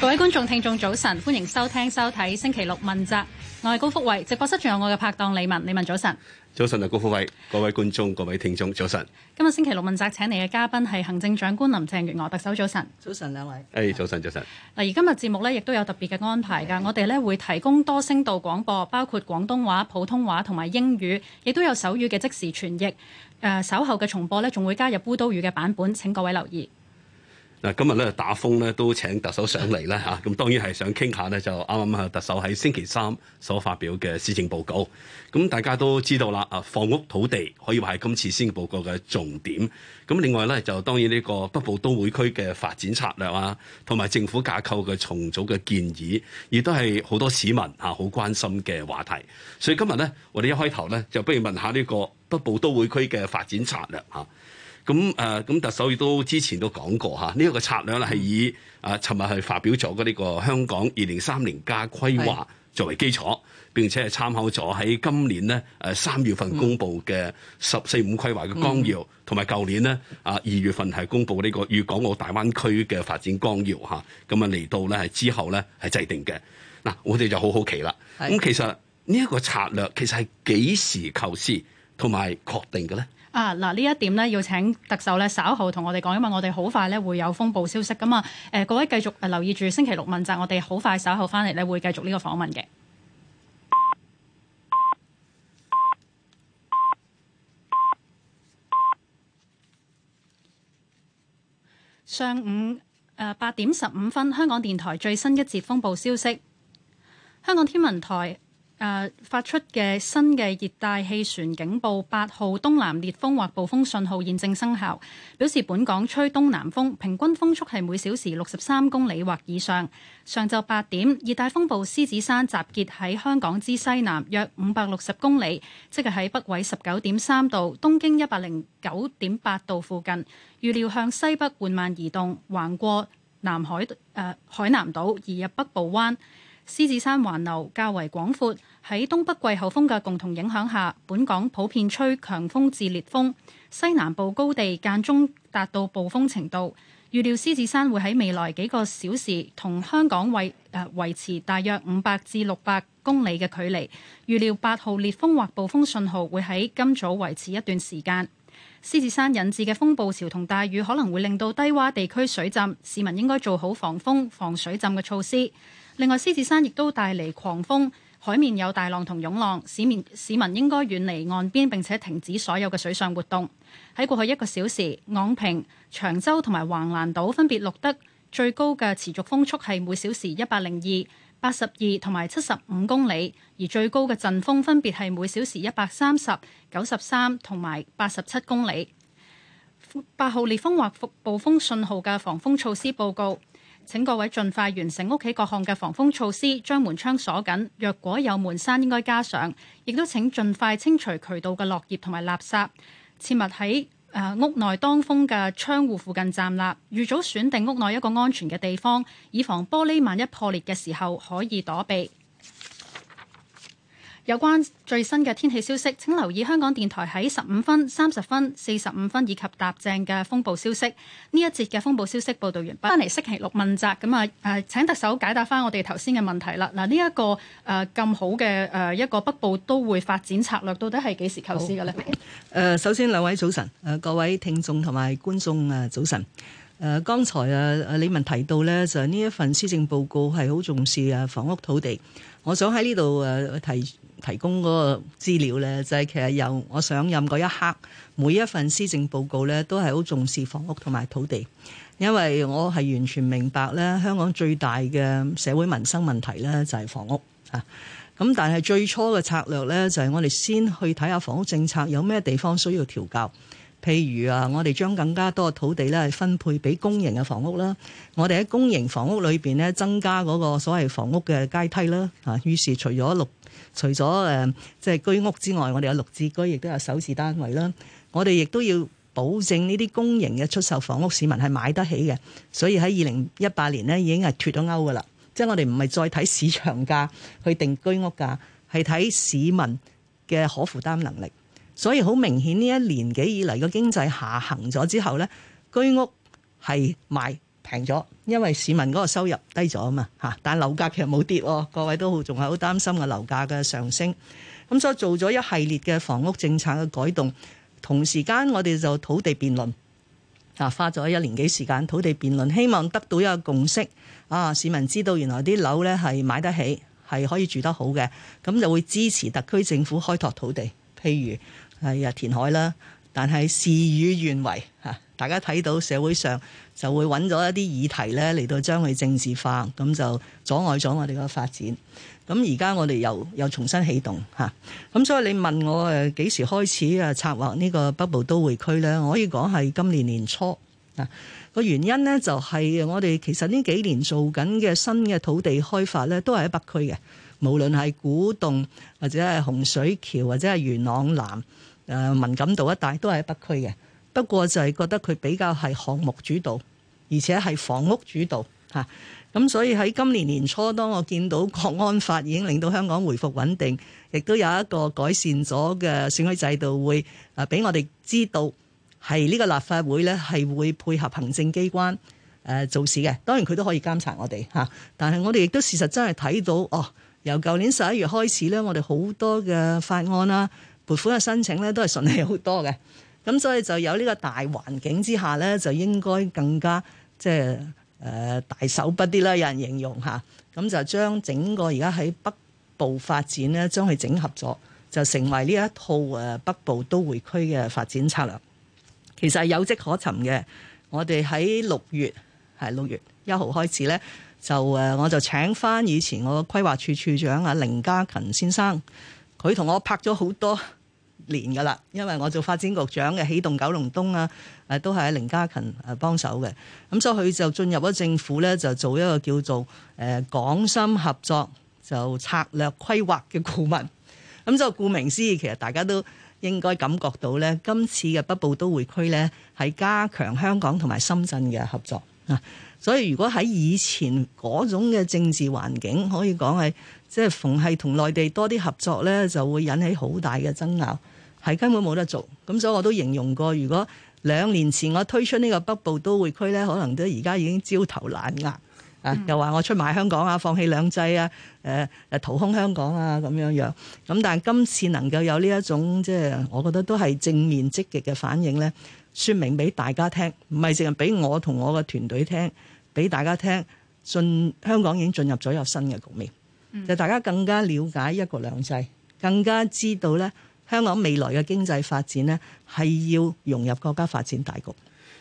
各位觀眾、聽眾早晨，歡迎收聽、收睇星期六問責。我係高福衛，直播室仲有我嘅拍檔李文，李文早晨。早晨啊，高福衛，各位觀眾、各位聽眾早晨。今日星期六問責，請嚟嘅嘉賓係行政長官林鄭月娥，特首早晨。早晨，兩位。哎，早晨。早晨，兩位。誒，早晨，早晨。嗱，而今日節目呢，亦都有特別嘅安排噶。我哋呢，會提供多聲道廣播，包括廣東話、普通話同埋英語，亦都有手語嘅即時傳譯。誒、呃，稍後嘅重播呢，仲會加入烏都語嘅版本，請各位留意。嗱，今日咧打風咧都請特首上嚟咧嚇，咁當然係想傾下咧，就啱啱啊特首喺星期三所發表嘅施政報告，咁大家都知道啦，啊，房屋土地可以話係今次施政報告嘅重點。咁另外咧就當然呢個北部都會區嘅發展策略啊，同埋政府架構嘅重組嘅建議，亦都係好多市民嚇好關心嘅話題。所以今日咧，我哋一開頭咧就不如問下呢個北部都會區嘅發展策略嚇。咁誒咁，特首亦都之前都講過嚇，呢、這、一個策略咧係以啊，尋日係發表咗嘅呢個香港二零三零加規劃作為基礎，並且係參考咗喺今年咧誒三月份公布嘅十四五規劃嘅綱要，同埋舊年咧啊二月份係公布呢個粵港澳大灣區嘅發展綱要嚇，咁啊嚟到咧之後咧係制定嘅。嗱、啊，我哋就好好奇啦。咁、嗯、其實呢一個策略其實係幾時構思同埋確定嘅咧？啊！嗱，呢一點咧，要請特首咧稍後同我哋講，因為我哋好快咧會有風暴消息噶嘛。誒，各位繼續留意住星期六問責，我哋好快稍後翻嚟咧會繼續呢個訪問嘅。上午八點十五分，香港電台最新一節風暴消息，香港天文台。誒、呃、發出嘅新嘅熱帶氣旋警報，八號東南烈風或暴風信號現正生效，表示本港吹東南風，平均風速係每小時六十三公里或以上。上晝八點，熱帶風暴獅子山集結喺香港之西南約五百六十公里，即係喺北緯十九點三度、東經一百零九點八度附近。預料向西北緩慢移動，橫過南海、呃、海南島，移入北部灣。獅子山環流較為廣闊，喺東北季候風嘅共同影響下，本港普遍吹強風至烈風。西南部高地間中達到暴風程度。預料獅子山會喺未來幾個小時同香港維、呃、維持大約五百至六百公里嘅距離。預料八號烈風或暴風信號會喺今早維持一段時間。獅子山引致嘅風暴潮同大雨可能會令到低窪地區水浸，市民應該做好防風、防水浸嘅措施。另外，獅子山亦都帶嚟狂風，海面有大浪同湧浪，市面市民應該遠離岸邊並且停止所有嘅水上活動。喺過去一個小時，昂坪、長洲同埋橫瀾島分別錄得最高嘅持續風速係每小時一百零二、八十二同埋七十五公里，而最高嘅陣風分別係每小時一百三十、九十三同埋八十七公里。八號烈風或暴風信號嘅防風措施報告。請各位盡快完成屋企各項嘅防風措施，將門窗鎖緊。若果有門閂，應該加上。亦都請盡快清除渠道嘅落葉同埋垃圾。切勿喺誒屋內當風嘅窗戶附近站立。預早選定屋內一個安全嘅地方，以防玻璃萬一破裂嘅時候可以躲避。有關最新嘅天氣消息，請留意香港電台喺十五分、三十分、四十五分以及搭正嘅風暴消息。呢一節嘅風暴消息報道完畢，翻嚟星期六問責。咁啊，誒，請特首解答翻我哋頭先嘅問題啦。嗱，呢一個誒咁好嘅誒一個北部都會發展策略，到底係幾時構思嘅呢？誒，首先兩位早晨，誒各位聽眾同埋觀眾誒早晨。誒，剛才啊，李文提到呢，就係呢一份施政報告係好重視啊房屋土地。我想喺呢度誒提。提供嗰個資料咧，就係、是、其實由我上任嗰一刻，每一份施政報告咧都係好重視房屋同埋土地，因為我係完全明白咧，香港最大嘅社會民生問題咧就係房屋啊，咁但係最初嘅策略咧，就係我哋先去睇下房屋政策有咩地方需要調教。譬如啊，我哋將更加多嘅土地咧分配俾公營嘅房屋啦。我哋喺公營房屋裏邊咧增加嗰個所謂房屋嘅階梯啦。啊，於是除咗六，除咗誒即係居屋之外，我哋有綠置居，亦都有首置單位啦。我哋亦都要保證呢啲公營嘅出售房屋，市民係買得起嘅。所以喺二零一八年咧已經係脱咗鈎噶啦。即係我哋唔係再睇市場價去定居屋價，係睇市民嘅可負擔能力。所以好明顯呢一年幾以嚟嘅經濟下行咗之後呢，居屋係賣平咗，因為市民嗰個收入低咗啊嘛，吓，但樓價其實冇跌，各位都好，仲係好擔心嘅樓價嘅上升。咁所以做咗一系列嘅房屋政策嘅改動，同時間我哋就土地辯論啊，花咗一年幾時間土地辯論，希望得到一個共識啊！市民知道原來啲樓呢係買得起，係可以住得好嘅，咁就會支持特區政府開拓土地，譬如。係啊，填海啦！但係事與願違嚇大家睇到社會上就會揾咗一啲議題呢嚟到將佢政治化，咁就阻礙咗我哋個發展。咁而家我哋又又重新起動嚇，咁所以你問我誒幾時開始啊？策劃呢個北部都會區呢？我可以講係今年年初嗱個原因呢，就係我哋其實呢幾年做緊嘅新嘅土地開發呢，都係喺北區嘅。無論係古洞或者係洪水橋或者係元朗南誒、呃、文錦渡一帶，都係北區嘅。不過就係覺得佢比較係項目主導，而且係房屋主導嚇。咁、啊、所以喺今年年初，當我見到《國安法》已經令到香港回復穩定，亦都有一個改善咗嘅選舉制度會，會誒俾我哋知道係呢個立法會呢係會配合行政機關誒、啊、做事嘅。當然佢都可以監察我哋嚇、啊，但係我哋亦都事實真係睇到哦。由舊年十一月開始咧，我哋好多嘅法案啦、撥款嘅申請咧，都係順利好多嘅。咁所以就有呢個大環境之下咧，就應該更加即係誒大手筆啲啦。有人形容吓，咁就將整個而家喺北部發展呢，將佢整合咗，就成為呢一套誒北部都會區嘅發展策略。其實係有跡可尋嘅。我哋喺六月係六月一號開始咧。就誒，我就請返以前我的規劃處處長阿凌家勤先生，佢同我拍咗好多年㗎喇，因為我做發展局長嘅起動九龍東啊，誒都係阿凌家勤誒幫手嘅。咁所以佢就進入咗政府呢，就做一個叫做誒港深合作就策略規劃嘅顧問。咁就顧名思義，其實大家都應該感覺到呢，今次嘅北部都會區呢，係加強香港同埋深圳嘅合作啊。所以如果喺以前嗰種嘅政治環境，可以講，係即係逢係同內地多啲合作咧，就會引起好大嘅爭拗，係根本冇得做。咁所以我都形容過，如果兩年前我推出呢個北部都會區咧，可能都而家已經焦頭爛額啊！又話我出賣香港啊，放棄兩制啊，誒誒掏空香港啊咁樣樣，咁但係今次能夠有呢一種即係我覺得都係正面積極嘅反應咧，說明俾大家聽，唔係淨係俾我同我嘅團隊聽。俾大家聽，香港已經進入咗有新嘅局面，就是、大家更加了解一國兩制，更加知道咧香港未來嘅經濟發展呢，係要融入國家發展大局。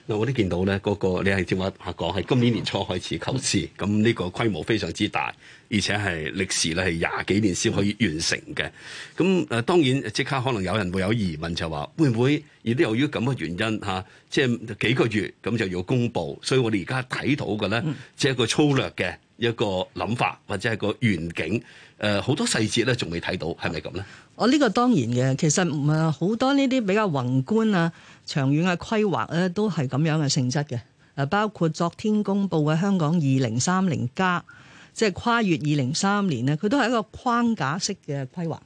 嗱，我都見到咧、那個，嗰個你係正話講係今年年初開始構思，咁呢個規模非常之大，而且係歷時咧係廿幾年先可以完成嘅。咁誒，當然即刻可能有人會有疑問，就話會唔會亦都由於咁嘅原因、啊、即係幾個月咁就要公布，所以我哋而家睇到嘅咧，即係一個粗略嘅。一個諗法或者係個願景，誒、呃、好多細節咧仲未睇到，係咪咁呢？我呢個當然嘅，其實唔係好多呢啲比較宏觀啊、長遠嘅規劃咧、啊，都係咁樣嘅性質嘅、啊。包括昨天公布嘅香港二零三零加，即係、就是、跨越二零三年呢，佢都係一個框架式嘅規劃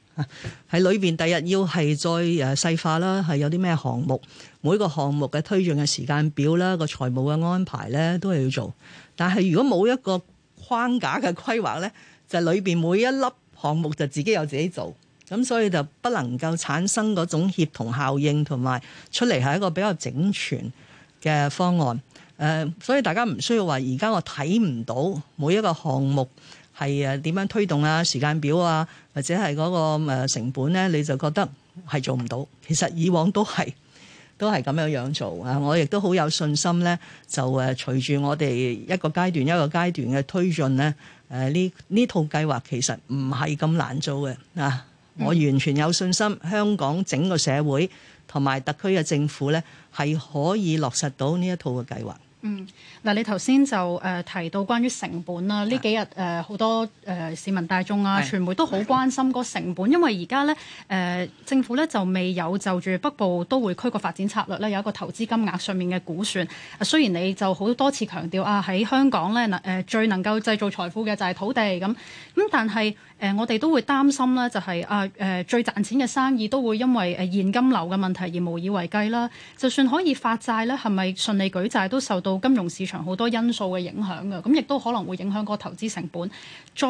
喺裏、啊、面，第日要係再誒細化啦，係有啲咩項目，每個項目嘅推進嘅時間表啦，個財務嘅安排咧，都係要做。但係如果冇一個框架嘅規劃呢，就係裏邊每一粒項目就自己有自己做，咁所以就不能夠產生嗰種協同效應，同埋出嚟係一個比較整全嘅方案。誒，所以大家唔需要話，而家我睇唔到每一個項目係誒點樣推動啊、時間表啊，或者係嗰個誒成本呢，你就覺得係做唔到。其實以往都係。都係咁樣樣做啊！我亦都好有信心呢，就誒隨住我哋一個階段一個階段嘅推進咧，誒呢呢套計劃其實唔係咁難做嘅啊！我完全有信心，香港整個社會同埋特區嘅政府咧，係可以落實到呢一套嘅計劃。嗯，嗱，你頭先就誒提到關於成本啦，呢幾日誒好、呃、多誒、呃、市民大眾啊，傳媒都好關心個成本，因為而家咧誒政府咧就未有就住北部都會區個發展策略咧有一個投資金額上面嘅估算啊。雖然你就好多次強調啊，喺香港咧誒、呃、最能夠製造財富嘅就係土地咁，咁但係。誒、呃，我哋都會擔心咧，就係、是、啊誒、呃，最賺錢嘅生意都會因為誒現金流嘅問題而無以為繼啦。就算可以發債咧，係咪順利舉債都受到金融市場好多因素嘅影響嘅，咁亦都可能會影響個投資成本。再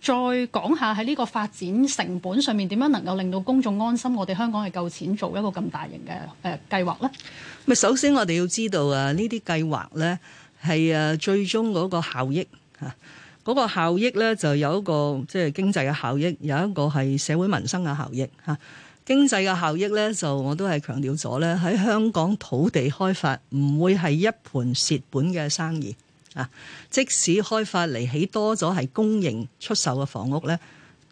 再講下喺呢個發展成本上面，點樣能夠令到公眾安心？我哋香港係夠錢做一個咁大型嘅誒、呃、計劃咧。咪首先我哋要知道啊，呢啲計劃呢係誒最終嗰個效益嚇。嗰、那個效益呢，就有一個即係、就是、經濟嘅效益，有一個係社會民生嘅效益嚇。經濟嘅效益呢，就我都係強調咗呢，喺香港土地開發唔會係一盤蝕本嘅生意啊！即使開發嚟起多咗係公營出售嘅房屋呢。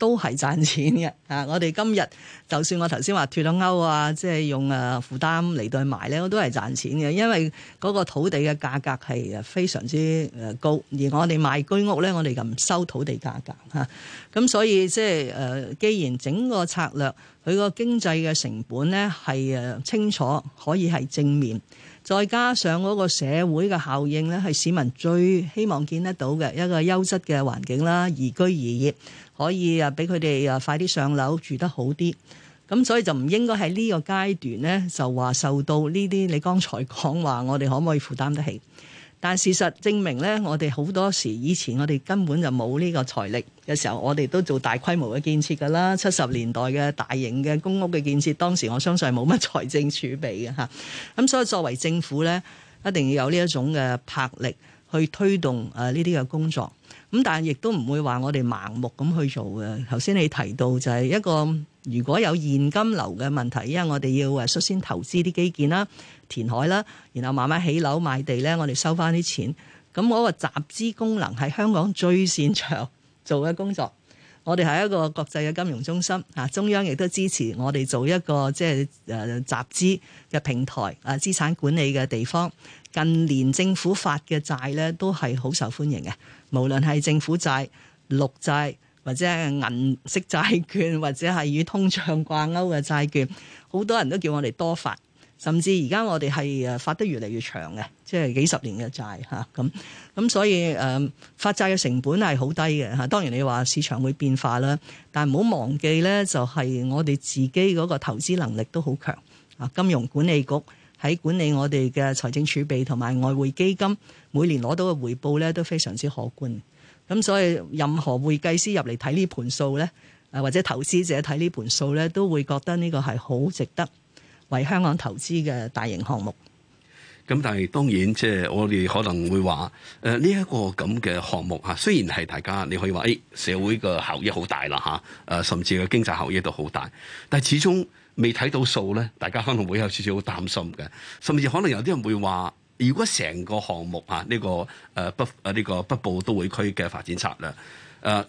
都係賺錢嘅啊！我哋今日就算我頭先話脫咗鉤啊，即係用誒負擔嚟對賣咧，我都係賺錢嘅，因為嗰個土地嘅價格係誒非常之誒高，而我哋賣居屋咧，我哋就唔收土地價格嚇。咁所以即係誒，既然整個策略佢個經濟嘅成本咧係誒清楚，可以係正面，再加上嗰個社會嘅效應咧，係市民最希望見得到嘅一個優質嘅環境啦，宜居宜業。可以啊，俾佢哋啊快啲上樓住得好啲，咁所以就唔應該喺呢個階段呢，就話受到呢啲你剛才講話，我哋可唔可以負擔得起？但事實證明呢，我哋好多時以前我哋根本就冇呢個財力嘅時候，我哋都做大規模嘅建設噶啦。七十年代嘅大型嘅公屋嘅建設，當時我相信係冇乜財政儲備嘅吓。咁所以作為政府呢，一定要有呢一種嘅魄力去推動啊呢啲嘅工作。咁但係亦都唔會話我哋盲目咁去做嘅。頭先你提到就係一個如果有現金流嘅問題，因為我哋要誒率先投資啲基建啦、填海啦，然後慢慢起樓賣地咧，我哋收翻啲錢。咁嗰個集資功能係香港最擅長做嘅工作。我哋係一個國際嘅金融中心，啊中央亦都支持我哋做一個即係誒集資嘅平台啊資產管理嘅地方。近年政府發嘅債咧都係好受歡迎嘅。無論係政府債、綠債或者係銀色債券，或者係與通脹掛鈎嘅債券，好多人都叫我哋多發，甚至而家我哋係誒發得越嚟越長嘅，即係幾十年嘅債嚇咁。咁、啊、所以誒、啊、發債嘅成本係好低嘅嚇、啊。當然你話市場會變化啦，但唔好忘記咧，就係、是、我哋自己嗰個投資能力都好強啊。金融管理局。喺管理我哋嘅財政儲備同埋外匯基金，每年攞到嘅回報咧都非常之可觀，咁所以任何會計師入嚟睇呢盤數咧，誒或者投資者睇呢盤數咧，都會覺得呢個係好值得為香港投資嘅大型項目。咁但係當然，即係我哋可能會話誒呢一個咁嘅項目吓，雖然係大家你可以話誒、哎、社會嘅效益好大啦吓誒甚至個經濟效益都好大，但係始終。.未睇到數咧，大家可能會有少少擔心嘅，甚至可能有啲人會話：如果成個項目啊，呢、這個誒北誒呢個北部都會區嘅發展策略誒，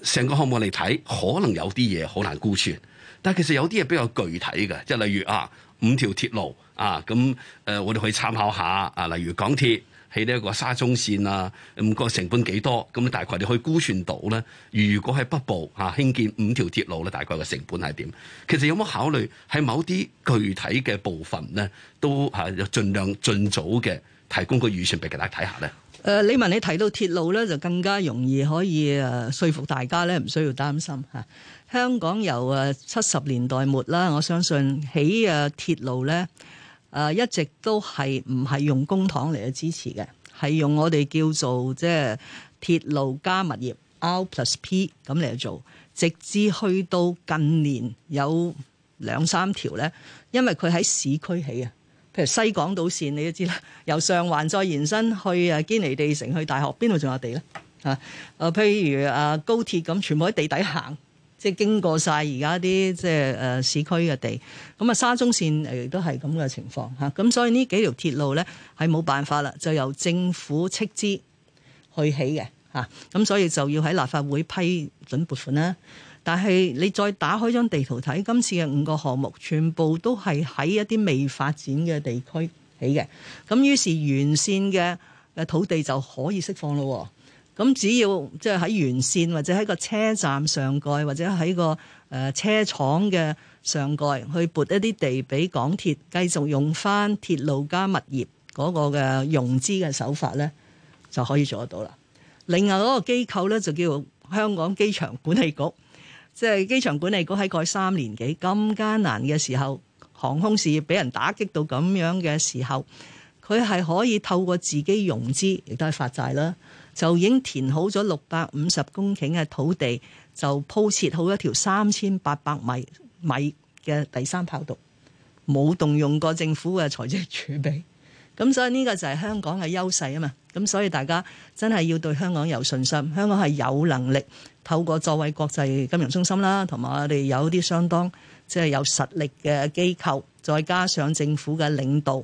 成、呃、個項目嚟睇，可能有啲嘢好難估算。但係其實有啲嘢比較具體嘅，即係例如啊五條鐵路啊，咁誒、呃、我哋可以參考下啊，例如港鐵。起呢一個沙中線啊，咁個成本幾多？咁大概你可以估算到咧。如果喺北部嚇、啊、興建五條鐵路咧，大概個成本係點？其實有冇考慮喺某啲具體嘅部分咧，都嚇、啊、盡量盡早嘅提供個預算俾大家睇下咧。誒、呃，李文你，你提到鐵路咧，就更加容易可以誒、啊、說服大家咧，唔需要擔心嚇、啊。香港由誒七十年代末啦，我相信起誒、啊、鐵路咧。誒、啊、一直都係唔係用公帑嚟去支持嘅，係用我哋叫做即係鐵路加物業 R plus P 咁嚟做，直至去到近年有兩三條咧，因為佢喺市區起啊，譬如西港島線你都知啦，由上環再延伸去啊堅尼地城去大學，邊度仲有地咧？嚇、啊、誒，譬如啊高鐵咁，全部喺地底行。即係經過曬而家啲即係誒市區嘅地，咁啊沙中線誒亦都係咁嘅情況嚇，咁所以呢幾條鐵路呢，係冇辦法啦，就由政府斥資去起嘅嚇，咁所以就要喺立法會批准撥款啦。但係你再打開張地圖睇，今次嘅五個項目全部都係喺一啲未發展嘅地區起嘅，咁於是沿線嘅土地就可以釋放咯。咁只要即係喺沿線，或者喺個車站上蓋，或者喺個誒車廠嘅上蓋，去撥一啲地俾港鐵繼續用翻鐵路加物業嗰個嘅融資嘅手法咧，就可以做得到啦。另外嗰個機構咧就叫香港機場管理局，即係機場管理局喺過去三年幾咁艱難嘅時候，航空事業俾人打擊到咁樣嘅時候，佢係可以透過自己融資，亦都係發債啦。就已經填好咗六百五十公頃嘅土地，就鋪設好一條三千八百米米嘅第三跑道，冇動用過政府嘅財政儲備。咁所以呢個就係香港嘅優勢啊嘛！咁所以大家真係要對香港有信心，香港係有能力透過作為國際金融中心啦，同埋我哋有啲相當即係有實力嘅機構，再加上政府嘅領導，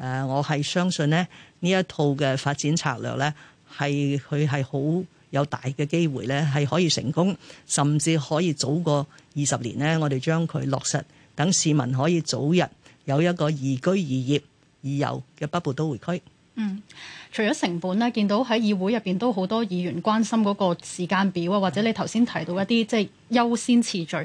誒，我係相信咧呢一套嘅發展策略呢。係佢係好有大嘅機會呢，係可以成功，甚至可以早過二十年呢，我哋將佢落實，等市民可以早日有一個宜居宜業宜遊嘅北部都會區。嗯，除咗成本咧，見到喺議會入邊都好多議員關心嗰個時間表啊，或者你頭先提到一啲即係優先次序。咁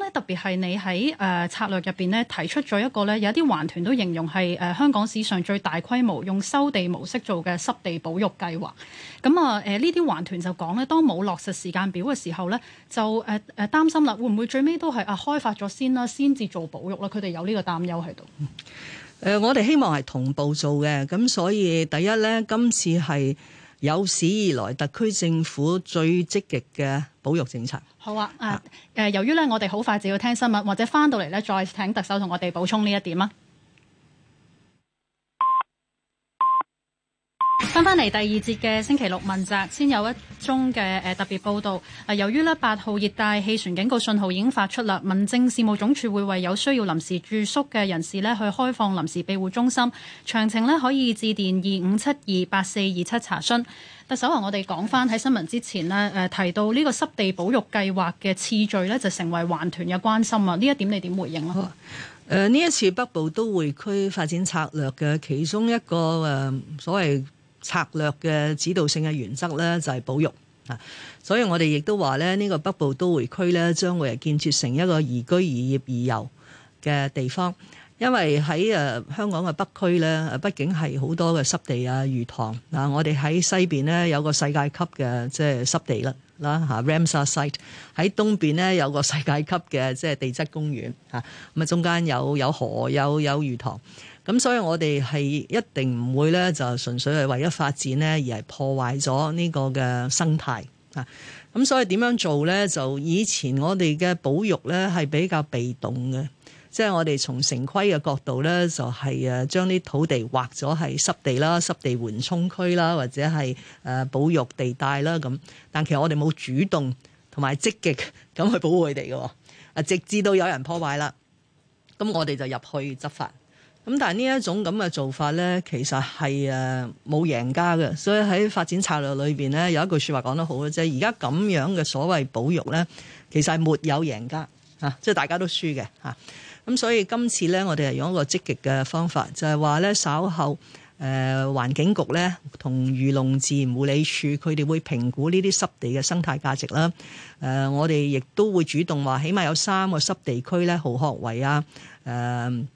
咧特別係你喺誒、呃、策略入邊咧提出咗一個咧，有啲環團都形容係誒、呃、香港史上最大規模用收地模式做嘅濕地保育計劃。咁啊誒呢啲環團就講咧，當冇落實時間表嘅時候咧，就誒誒擔心啦，會唔會最尾都係啊開發咗先啦，先至做保育啦？佢哋有呢個擔憂喺度。嗯。誒、呃，我哋希望係同步做嘅，咁所以第一呢，今次係有史以來特區政府最積極嘅保育政策。好啊，誒、呃，由於咧我哋好快就要聽新聞，或者翻到嚟，咧再請特首同我哋補充呢一點啊。翻翻嚟第二節嘅星期六問責，先有一宗嘅誒、呃、特別報道。誒、呃、由於呢八號熱帶氣旋警告信號已經發出啦，民政事務總署會為有需要臨時住宿嘅人士呢去開放臨時庇護中心。詳情呢可以致電二五七二八四二七查詢。但首先我哋講翻喺新聞之前呢誒、呃、提到呢個濕地保育計劃嘅次序呢就成為環團嘅關心啊。呢一點你點回應咧？誒、呃、呢一次北部都會區發展策略嘅其中一個誒、呃、所謂。策略嘅指導性嘅原則咧就係、是、保育啊，所以我哋亦都話咧呢、這個北部都會區咧將會係建設成一個宜居宜業宜遊嘅地方，因為喺誒香港嘅北區咧，畢竟係好多嘅濕地啊、魚塘嗱、啊，我哋喺西邊呢，有個世界級嘅即係濕地啦啦、啊、嚇，Ramsar Site。喺東邊呢，有個世界級嘅即係地質公園嚇，咁啊中間有有河有有魚塘。咁所以，我哋係一定唔會咧，就純粹係為咗發展咧，而係破壞咗呢個嘅生態啊。咁所以點樣做咧？就以前我哋嘅保育咧，係比較被動嘅，即係我哋從城規嘅角度咧，就係啊將啲土地劃咗係濕地啦、濕地緩衝區啦，或者係誒保育地帶啦咁。但其實我哋冇主動同埋積極咁去保護佢哋嘅啊，直至到有人破壞啦，咁我哋就入去執法。咁但係呢一種咁嘅做法咧，其實係冇贏家嘅，所以喺發展策略裏面咧，有一句說話講得好嘅，即係而家咁樣嘅所謂保育咧，其實係沒有贏家嚇，即係大家都輸嘅嚇。咁所以今次咧，我哋係用一個積極嘅方法，就係話咧稍後、呃、環境局咧同漁農自然護理署佢哋會評估呢啲濕地嘅生態價值啦、呃。我哋亦都會主動話，起碼有三個濕地區咧，豪學圍啊，呃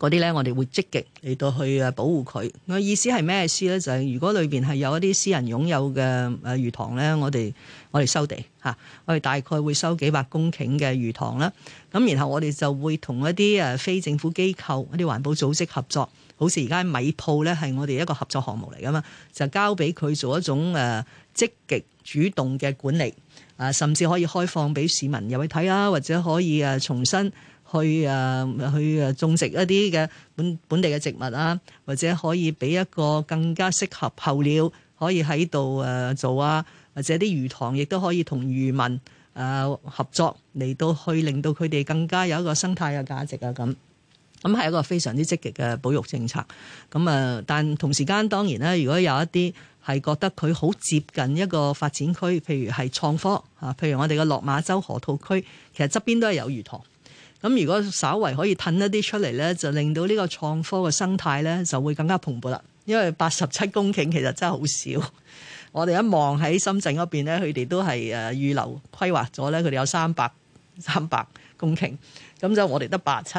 嗰啲咧，我哋會積極嚟到去誒保護佢。我意思係咩意思咧？就係如果裏面係有一啲私人擁有嘅誒魚塘咧，我哋我哋收地嚇，我哋大概會收幾百公頃嘅魚塘啦。咁然後我哋就會同一啲誒非政府機構一啲環保組織合作，好似而家米鋪咧係我哋一個合作項目嚟噶嘛，就交俾佢做一種誒積極主動嘅管理啊，甚至可以開放俾市民入去睇啊，或者可以重新，去誒去誒種植一啲嘅本本地嘅植物啊，或者可以俾一個更加適合候鳥可以喺度誒做啊，或者啲魚塘亦都可以同漁民誒合作嚟到去，令到佢哋更加有一個生態嘅價值啊。咁咁係一個非常之積極嘅保育政策。咁啊，但同時間當然啦，如果有一啲係覺得佢好接近一個發展區，譬如係創科啊，譬如我哋嘅落馬洲河套區，其實側邊都係有魚塘。咁如果稍為可以褪一啲出嚟咧，就令到呢個創科嘅生態咧就會更加蓬勃啦。因為八十七公頃其實真係好少，我哋一望喺深圳嗰邊咧，佢哋都係誒預留規劃咗咧，佢哋有三百三百公頃，咁就我哋得八七，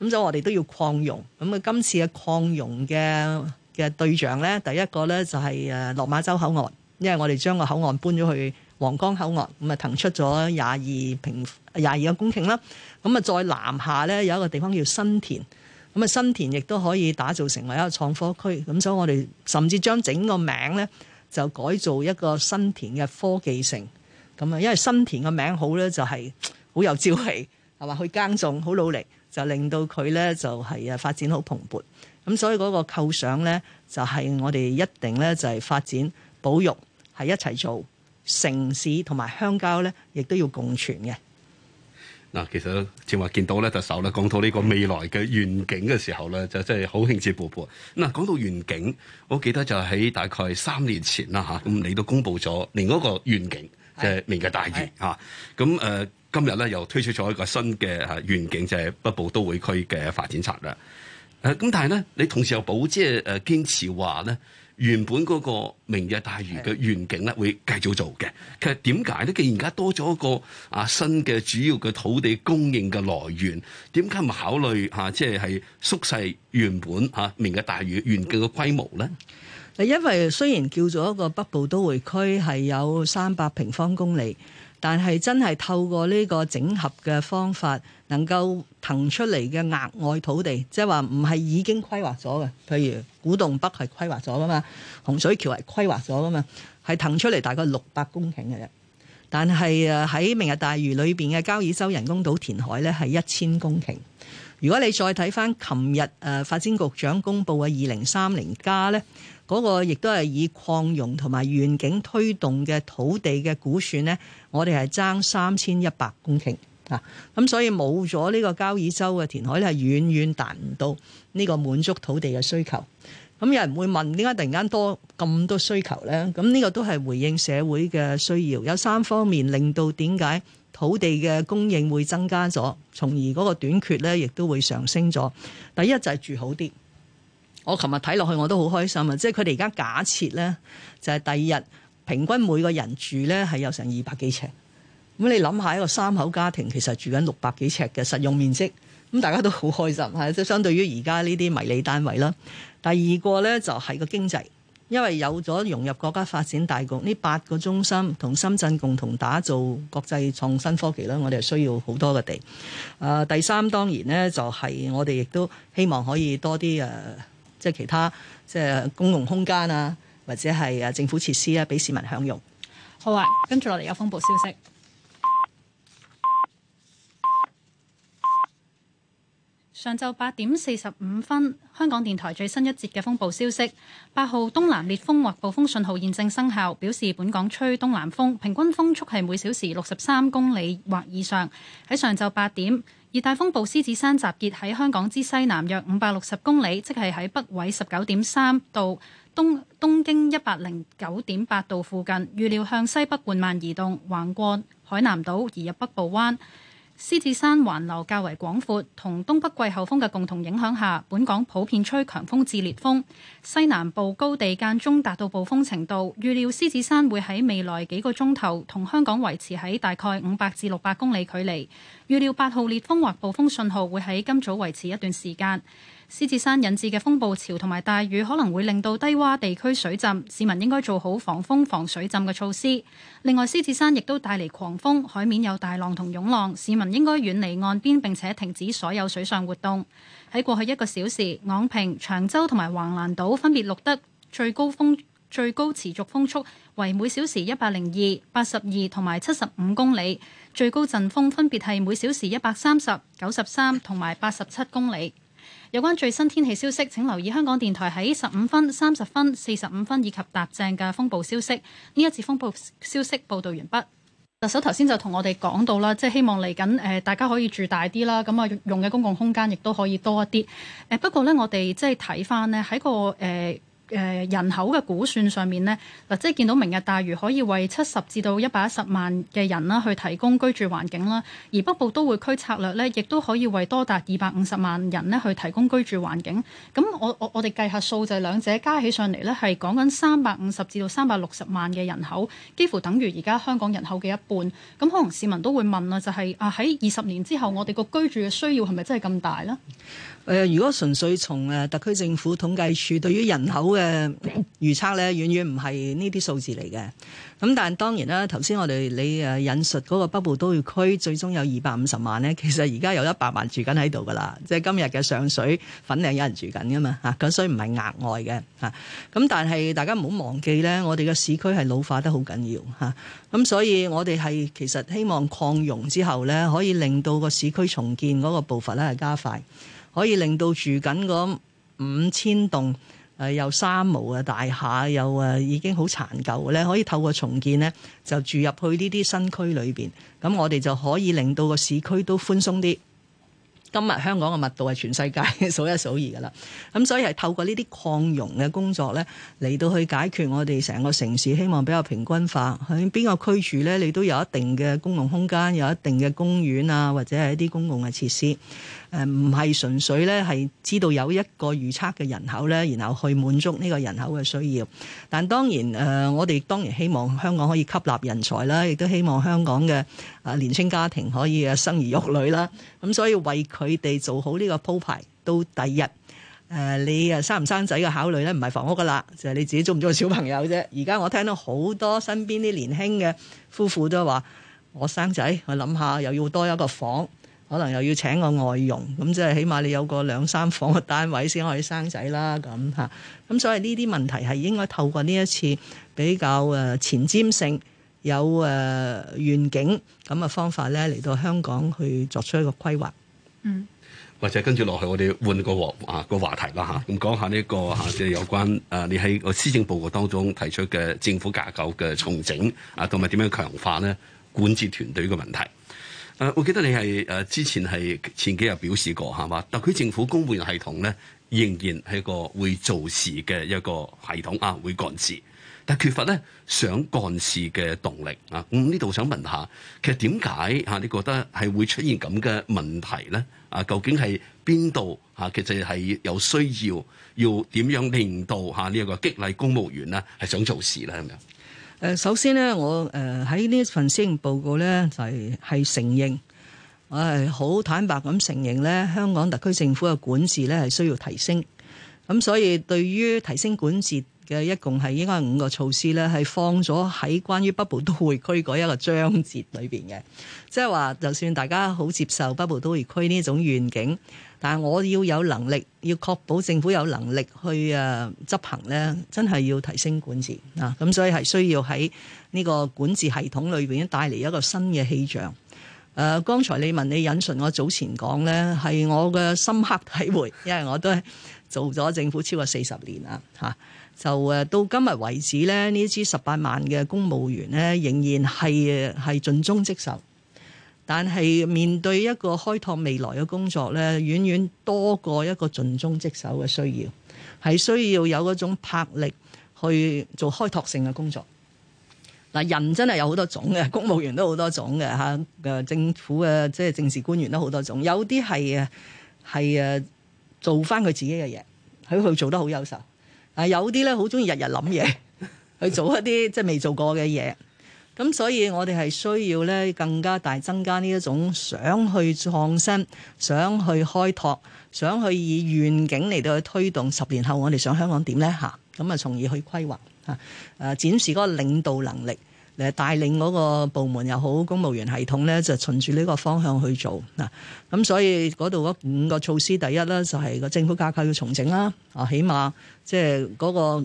咁就我哋都要擴容。咁啊，今次嘅擴容嘅嘅對象咧，第一個咧就係誒落馬洲口岸，因為我哋將個口岸搬咗去。皇崗口岸咁啊，騰出咗廿二平廿二個公頃啦。咁啊，再南下咧有一個地方叫新田，咁啊，新田亦都可以打造成為一個創科區。咁，所以我哋甚至將整個名咧就改造一個新田嘅科技城。咁啊，因為新田嘅名好咧，就係好有朝氣，係嘛？去耕種好努力，就令到佢咧就係啊發展好蓬勃。咁所以嗰個構想咧就係我哋一定咧就係發展保育係一齊做。城市同埋鄉郊咧，亦都要共存嘅。嗱，其實正話見到咧，特首咧講到呢個未來嘅願景嘅時候咧，就真係好興致勃勃。嗱，講到願景，我記得就喺大概三年前啦嚇，咁、嗯、你都公布咗，就是、連嗰個願景嘅面嘅大遇嚇。咁誒，今日咧又推出咗一個新嘅願景，就係、是、北部都會區嘅發展策略。誒，咁但係咧，你同時又保即係誒堅持話咧。原本嗰個明日大嶼嘅願景咧，會繼續做嘅。其實點解咧？既然而家多咗一個啊新嘅主要嘅土地供應嘅來源，點解唔考慮吓？即係係縮細原本吓、啊、明日大嶼願景嘅規模咧？嗱，因為雖然叫咗一個北部都會區係有三百平方公里。但係真係透過呢個整合嘅方法，能夠騰出嚟嘅額外土地，即係話唔係已經規劃咗嘅，譬如古洞北係規劃咗噶嘛，洪水橋係規劃咗噶嘛，係騰出嚟大概六百公頃嘅啫。但係啊喺明日大嶼裏邊嘅交椅洲人工島填海呢，係一千公頃。如果你再睇返琴日誒發展局長公布嘅二零三零加呢。嗰個亦都係以擴容同埋願景推動嘅土地嘅估算呢，我哋係爭三千一百公頃啊！咁所以冇咗呢個交椅洲嘅填海呢，係遠遠達唔到呢個滿足土地嘅需求。咁有人會問，點解突然間多咁多需求呢？咁呢個都係回應社會嘅需要，有三方面令到點解土地嘅供應會增加咗，從而嗰個短缺呢亦都會上升咗。第一就係住好啲。我琴日睇落去我都好開心啊！即係佢哋而家假設呢，就係第二日平均每個人住呢係有成二百幾尺。咁你諗下一個三口家庭其實住緊六百幾尺嘅實用面積，咁大家都好開心係。即係相對於而家呢啲迷你單位啦。第二個呢，就係、是、個經濟，因為有咗融入國家發展大局，呢八個中心同深圳共同打造國際創新科技啦。我哋係需要好多嘅地、呃。第三當然呢，就係、是、我哋亦都希望可以多啲誒。呃即係其他，即係公共空間啊，或者係誒政府設施啊，俾市民享用。好啊，跟住落嚟有風暴消息。上晝八點四十五分，香港電台最新一節嘅風暴消息。八號東南烈風或暴風信號現正生效，表示本港吹東南風，平均風速係每小時六十三公里或以上。喺上晝八點，熱帶風暴獅子山集結喺香港之西南約五百六十公里，即係喺北緯十九點三度，東，東經一百零九點八度附近，預料向西北緩慢移動，橫過海南島移入北部灣。獅子山環流較為廣闊，同東北季候風嘅共同影響下，本港普遍吹強風至烈風。西南部高地間中達到暴風程度。預料獅子山會喺未來幾個鐘頭同香港維持喺大概五百至六百公里距離。預料八號烈風或暴風信號會喺今早維持一段時間。獅子山引致嘅風暴潮同埋大雨，可能會令到低洼地區水浸，市民應該做好防風防水浸嘅措施。另外，獅子山亦都帶嚟狂風，海面有大浪同湧浪，市民應該遠離岸邊並且停止所有水上活動。喺過去一個小時，昂坪、長洲同埋橫瀾島分別錄得最高風最高持續風速為每小時一百零二、八十二同埋七十五公里，最高陣風分別係每小時一百三十、九十三同埋八十七公里。有關最新天氣消息，請留意香港電台喺十五分、三十分、四十五分以及踏正嘅風暴消息。呢一次風暴消息報導完畢。特首頭先就同我哋講到啦，即係希望嚟緊誒大家可以住大啲啦，咁啊用嘅公共空間亦都可以多一啲。誒不過咧，我哋即係睇翻咧喺個誒。誒人口嘅估算上面呢，嗱即係見到明日大嶼可以為七十至到一百一十萬嘅人啦，去提供居住環境啦；而北部都會區策略呢，亦都可以為多達二百五十萬人咧，去提供居住環境。咁我我我哋計下數就係兩者加起上嚟呢，係講緊三百五十至到三百六十萬嘅人口，幾乎等於而家香港人口嘅一半。咁可能市民都會問喇，就係啊喺二十年之後，我哋個居住嘅需要係咪真係咁大呢？誒、呃，如果純粹從誒特區政府統計處對於人口嘅誒、呃，預測咧，遠遠唔係呢啲數字嚟嘅。咁但係當然啦，頭先我哋你誒引述嗰個北部都會區最終有二百五十萬咧，其實而家有一百萬住緊喺度噶啦，即係今日嘅上水粉嶺有人住緊噶嘛吓，咁、啊、所以唔係額外嘅吓。咁、啊、但係大家唔好忘記咧，我哋嘅市區係老化得好緊要吓。咁、啊、所以我哋係其實希望擴容之後咧，可以令到個市區重建嗰個步伐咧係加快，可以令到住緊嗰五千棟。誒又三無大廈又誒已經好殘舊咧，可以透過重建呢，就住入去呢啲新區裏邊。咁我哋就可以令到個市區都寬鬆啲。今日香港嘅密度係全世界數一數二噶啦。咁所以係透過呢啲擴容嘅工作呢，嚟到去解決我哋成個城市希望比較平均化。喺邊個區住呢，你都有一定嘅公共空間，有一定嘅公園啊，或者係一啲公共嘅設施。誒唔係純粹咧，係知道有一個預測嘅人口咧，然後去滿足呢個人口嘅需要。但當然誒、呃，我哋當然希望香港可以吸納人才啦，亦都希望香港嘅啊、呃、年輕家庭可以生兒育女啦。咁、嗯、所以為佢哋做好呢個鋪排，到第日。誒、呃、你啊生唔生仔嘅考慮咧，唔係房屋噶啦，就係、是、你自己鍾唔鍾意小朋友啫。而家我聽到好多身邊啲年輕嘅夫婦都話：我生仔，我諗下又要多一個房。可能又要請個外傭，咁即係起碼你有個兩三房嘅單位先可以生仔啦，咁嚇。咁所以呢啲問題係應該透過呢一次比較誒前瞻性有、有誒願景咁嘅方法咧，嚟到香港去作出一個規劃。嗯，或者跟住落去，我哋換個話、嗯呢個話題啦嚇，咁講下呢個嚇，即係有關誒、啊、你喺個施政報告當中提出嘅政府架構嘅重整啊，同埋點樣強化咧管治團隊嘅問題。誒，我記得你係誒之前係前幾日表示過係嘛？特區政府公務員系統咧，仍然係一個會做事嘅一個系統啊，會幹事，但缺乏咧想幹事嘅動力啊。咁呢度想問下，其實點解嚇你覺得係會出現咁嘅問題咧？啊，究竟係邊度嚇？其實係有需要要點樣令到嚇呢一個激勵公務員咧係想做事咧咁樣？首先咧，我誒喺呢一份施政報告咧、就是，就係係承認我係好坦白咁承認咧，香港特區政府嘅管治咧係需要提升，咁所以對於提升管治。一共係應該五個措施咧，係放咗喺關於北部都會區嗰一個章節裏邊嘅，即係話就算大家好接受北部都會區呢種願景，但係我要有能力，要確保政府有能力去誒執行呢，真係要提升管治啊！咁所以係需要喺呢個管治系統裏邊帶嚟一個新嘅氣象。誒、啊，剛才你問你引述，我早前講呢，係我嘅深刻體會，因為我都係做咗政府超過四十年啦，吓、啊。就誒，到今日為止咧，呢支十八萬嘅公務員咧，仍然係係盡忠職守，但係面對一個開拓未來嘅工作咧，遠遠多過一個盡忠職守嘅需要，係需要有嗰種魄力去做開拓性嘅工作。嗱，人真係有好多種嘅，公務員都好多種嘅吓，嘅政府嘅即係政治官員都好多種，有啲係啊係誒做翻佢自己嘅嘢，佢佢做得好優秀。啊有啲咧好中意日日諗嘢，去做一啲即係未做過嘅嘢，咁所以我哋係需要咧更加大增加呢一種想去創新、想去開拓、想去以願景嚟到去推動。十年後我哋想香港點呢？吓咁啊從而去規劃吓，誒展示嗰個領導能力。嚟帶領嗰個部門又好，公務員系統咧就循住呢個方向去做嗱，咁、啊、所以嗰度嗰五個措施，第一咧就係個政府架構要重整啦，啊，起碼即係嗰個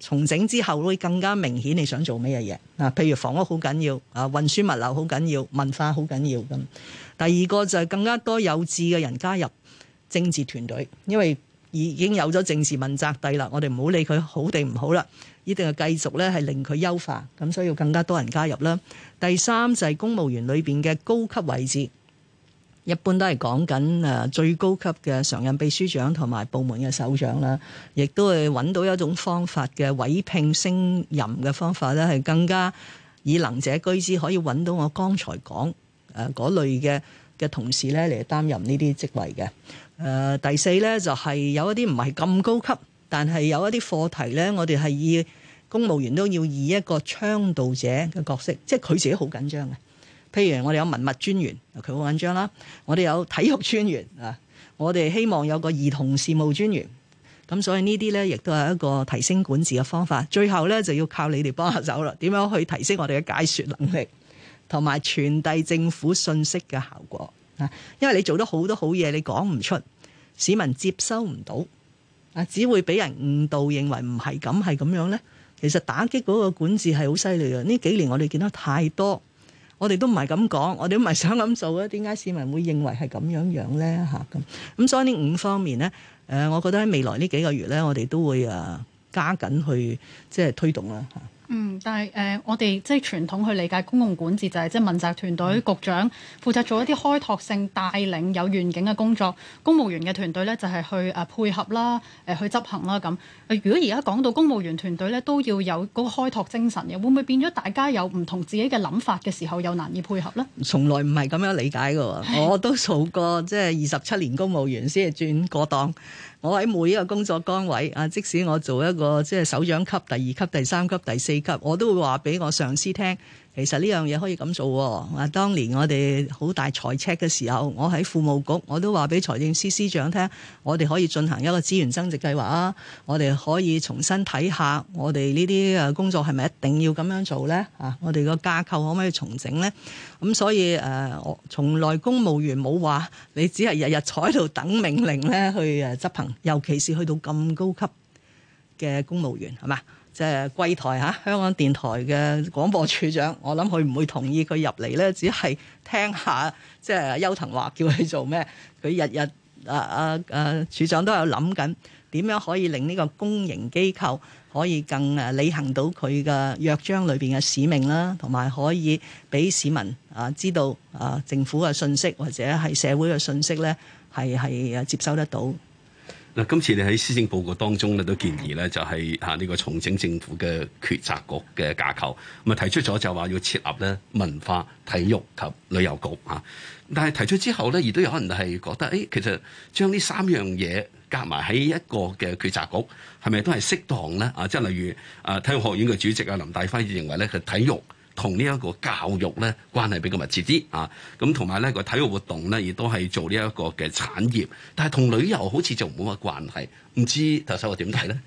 重整之後會更加明顯你想做咩嘢嘢啊，譬如房屋好緊要啊，運輸物流好緊要，文化好緊要咁、啊。第二個就係更加多有志嘅人加入政治團隊，因為已經有咗政治問責制啦，我哋唔好理佢好定唔好啦。一定係繼續咧，係令佢優化咁，所以要更加多人加入啦。第三就係公務員裏邊嘅高級位置，一般都係講緊誒最高級嘅常任秘書長同埋部門嘅首長啦，亦都係揾到一種方法嘅委聘升任嘅方法咧，係更加以能者居之，可以揾到我剛才講誒嗰類嘅嘅同事咧嚟擔任呢啲職位嘅。誒，第四咧就係有一啲唔係咁高級，但係有一啲課題咧，我哋係以公務員都要以一個倡導者嘅角色，即係佢自己好緊張嘅。譬如我哋有文物專員，佢好緊張啦；我哋有體育專員啊，我哋希望有個兒童事務專員。咁所以呢啲呢，亦都係一個提升管治嘅方法。最後呢，就要靠你哋幫下手啦。點樣去提升我哋嘅解説能力，同埋傳遞政府信息嘅效果啊？因為你做得好多好嘢，你講唔出，市民接收唔到，啊，只會俾人誤導，認為唔係咁，係咁樣呢。其實打擊嗰個管治係好犀利嘅，呢幾年我哋見得太多，我哋都唔係咁講，我哋都唔係想咁做嘅，點解市民會認為係咁樣樣咧？咁、啊，咁所以呢五方面咧、呃，我覺得喺未來呢幾個月咧，我哋都會誒、啊、加緊去即係推動啦，啊。嗯，但係誒、呃，我哋即係傳統去理解公共管治就係、是、即係問責團隊局長負責做一啲開拓性帶領有願景嘅工作，公務員嘅團隊呢，就係去誒配合啦，誒去執行啦咁。如果而家講到公務員團隊呢，都要有嗰個開拓精神嘅，會唔會變咗大家有唔同自己嘅諗法嘅時候又難以配合呢？從來唔係咁樣理解㗎，我都數過即係二十七年公務員先係轉過檔。我喺每一個工作崗位，即使我做一個即係首長級、第二級、第三級、第四級，我都會話俾我上司聽。其實呢樣嘢可以咁做。哦，當年我哋好大財赤嘅時候，我喺庫務局我都話俾財政司司長聽，我哋可以進行一個資源增值計劃啊，我哋可以重新睇下我哋呢啲誒工作係咪一定要咁樣做呢？啊，我哋個架構可唔可以重整呢？咁，嗯、所以誒，我、呃、從來公務員冇話你只係日日坐喺度等命令咧去誒執行，尤其是去到咁高級嘅公務員，係嘛？即係櫃台嚇、啊，香港電台嘅廣播處長，我諗佢唔會同意佢入嚟咧，只係聽下即係邱騰華叫佢做咩。佢日日啊啊啊，處長都有諗緊點樣可以令呢個公營機構可以更啊履行到佢嘅約章裏邊嘅使命啦，同埋可以俾市民啊知道啊政府嘅信息或者係社會嘅信息咧，係係啊接收得到。今次你喺施政報告當中咧都建議咧，就係嚇呢個重整政府嘅決策局嘅架構，咁啊提出咗就話要設立咧文化、體育及旅遊局啊，但係提出之後咧，亦都有人係覺得誒，其實將呢三樣嘢夾埋喺一個嘅決策局，係咪都係適當咧？啊，即係例如啊體育學院嘅主席啊林大輝認為咧，佢體育。同呢一個教育咧關係比較密切啲啊，咁同埋咧個體育活動咧亦都係做呢一個嘅產業，但係同旅遊好似就冇乜關係，唔知頭先我點睇咧？誒、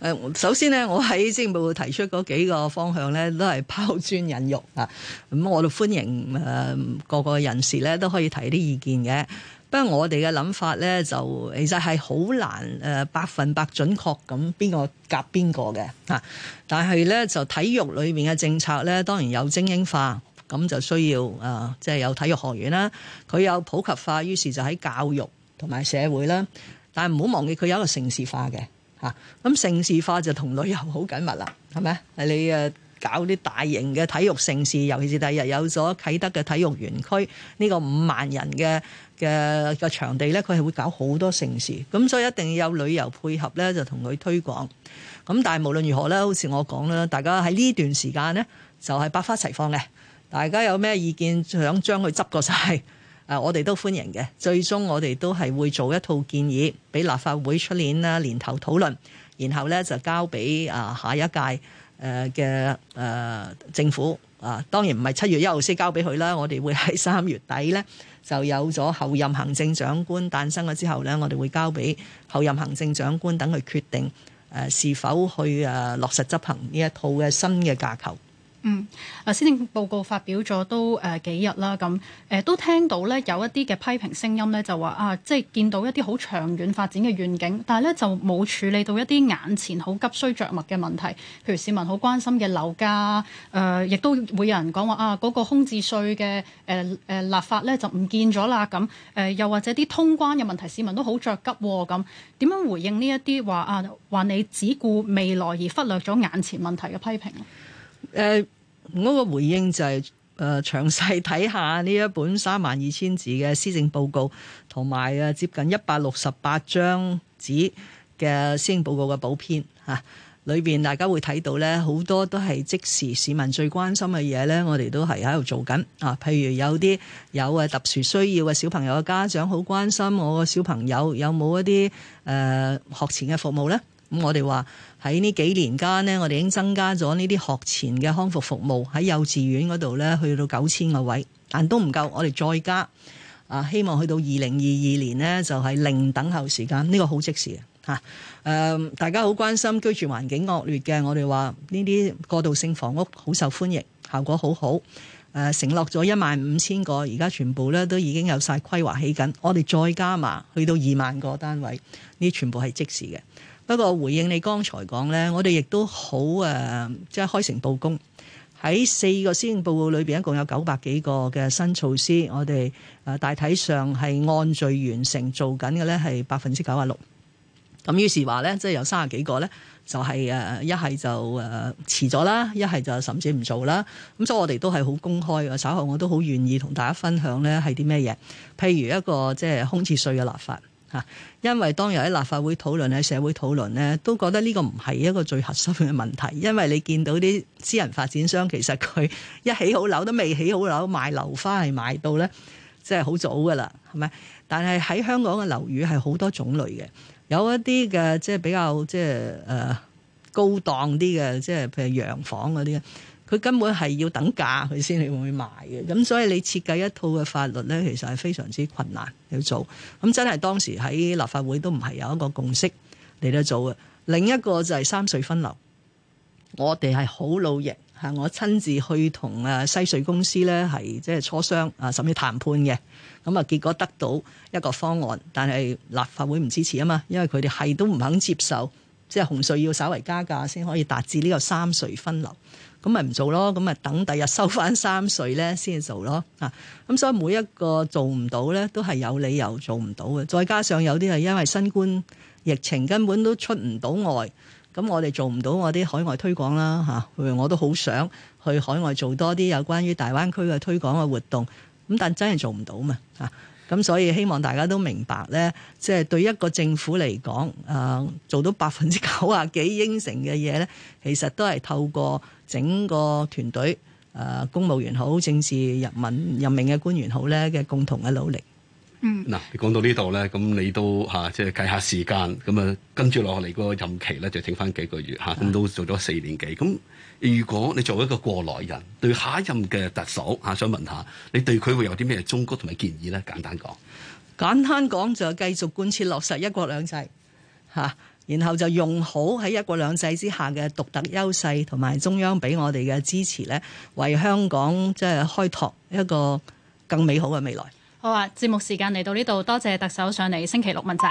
呃，首先咧，我喺政務提出嗰幾個方向咧，都係拋磚引玉啊，咁、嗯、我哋歡迎誒、呃、各個人士咧都可以提啲意見嘅。不過我哋嘅諗法咧，就其實係好難誒、呃，百分百準確咁邊個夾邊個嘅吓。但係咧就體育裏面嘅政策咧，當然有精英化，咁就需要啊，即、呃、係、就是、有體育學院啦。佢有普及化，於是就喺教育同埋社會啦。但係唔好忘記佢有一個城市化嘅吓。咁、啊、城市化就同旅遊好緊密啦，係咪啊？你誒。呃搞啲大型嘅體育盛事，尤其是第日有咗啟德嘅體育園區呢個五萬人嘅嘅個場地咧，佢係會搞好多盛事，咁所以一定要有旅遊配合咧，就同佢推廣。咁但係無論如何咧，好似我講啦，大家喺呢段時間咧就係百花齊放嘅，大家有咩意見想將佢執過晒，誒，我哋都歡迎嘅。最終我哋都係會做一套建議俾立法會出年啦年頭討論，然後咧就交俾啊下一屆。誒嘅誒政府啊，當然唔係七月一號先交俾佢啦，我哋會喺三月底呢就有咗後任行政長官誕生咗之後呢，我哋會交俾後任行政長官等佢決定誒、啊、是否去誒、啊、落實執行呢一套嘅新嘅架構。嗯，啊，施政報告發表咗都誒、呃、幾日啦，咁誒、呃、都聽到咧有一啲嘅批評聲音咧，就話啊，即係見到一啲好長遠發展嘅願景，但係咧就冇處理到一啲眼前好急需着墨嘅問題，譬如市民好關心嘅樓價，誒、呃，亦都會有人講話啊，嗰、那個空置稅嘅誒誒立法咧就唔見咗啦，咁誒、呃、又或者啲通關嘅問題，市民都好着急咁、啊，點樣，樣回應呢一啲話啊？話你只顧未來而忽略咗眼前問題嘅批評？誒、呃，我個回應就係誒詳細睇下呢一本三萬二千字嘅施政報告，同埋啊接近一百六十八張紙嘅施政報告嘅補編嚇，裏、啊、邊大家會睇到咧，好多都係即時市民最關心嘅嘢咧，我哋都係喺度做緊啊。譬如有啲有誒特殊需要嘅小朋友嘅家長好關心，我個小朋友有冇一啲誒、呃、學前嘅服務咧。咁、嗯、我哋話喺呢幾年間呢，我哋已經增加咗呢啲學前嘅康復服務喺幼稚園嗰度呢，去到九千個位，但都唔夠，我哋再加啊，希望去到二零二二年呢，就係、是、零等候時間。呢、這個好即時吓誒、啊呃，大家好關心居住環境惡劣嘅。我哋話呢啲過渡性房屋好受歡迎，效果好好誒、啊，承諾咗一萬五千個，而家全部呢都已經有晒規劃起緊。我哋再加埋去到二萬個單位，呢全部係即時嘅。不過，回應你剛才講咧，我哋亦都好誒，即係開誠佈公。喺四個施政報告裏面，一共有九百幾個嘅新措施，我哋大體上係按序完成做緊嘅咧，係百分之九啊六。咁於是話咧，即係有三十幾個咧、就係，呃、就係一係就誒遲咗啦，一係就甚至唔做啦。咁所以我哋都係好公開嘅，稍後我都好願意同大家分享咧係啲咩嘢，譬如一個即係空置稅嘅立法。嚇！因為當日喺立法會討論，喺社會討論咧，都覺得呢個唔係一個最核心嘅問題，因為你見到啲私人發展商其實佢一起好樓都未起好樓，賣樓花係賣到咧，即係好早噶啦，係咪？但係喺香港嘅樓宇係好多種類嘅，有一啲嘅即係比較即係誒高檔啲嘅，即係譬如洋房嗰啲。佢根本係要等價，佢先至會買嘅。咁所以你設計一套嘅法律咧，其實係非常之困難要做。咁真係當時喺立法會都唔係有一個共識嚟得做嘅。另一個就係三隧分流，我哋係好努力吓，我親自去同誒西隧公司咧係即係磋商啊，甚至談判嘅。咁啊，結果得到一個方案，但係立法會唔支持啊嘛，因為佢哋係都唔肯接受，即係紅隧要稍微加價先可以達至呢個三隧分流。咁咪唔做咯，咁咪等第日收翻三稅咧先做咯嚇。咁、啊、所以每一個做唔到咧，都係有理由做唔到嘅。再加上有啲係因為新冠疫情根本都出唔到外，咁我哋做唔到我啲海外推廣啦、啊、我都好想去海外做多啲有關於大灣區嘅推廣嘅活動，咁、啊、但真係做唔到嘛嚇。咁、啊、所以希望大家都明白咧，即、就、係、是、對一個政府嚟講、啊，做到百分之九啊幾應承嘅嘢咧，其實都係透過。整個團隊，誒、呃、公務員好，政治人民任命嘅官員好咧嘅共同嘅努力。嗯，嗱你講到呢度咧，咁你都嚇即係計下時間，咁啊跟住落嚟個任期咧就剩翻幾個月嚇，咁、啊啊、都做咗四年幾。咁如果你作為一個過來人，對下一任嘅特首嚇、啊，想問下你對佢會有啲咩忠告同埋建議咧？簡單講，簡單講就係繼續貫徹落實一國兩制嚇。啊然後就用好喺一國兩制之下嘅獨特優勢，同埋中央俾我哋嘅支持呢，為香港即係開拓一個更美好嘅未來。好啊！節目時間嚟到呢度，多謝特首上嚟，星期六問責。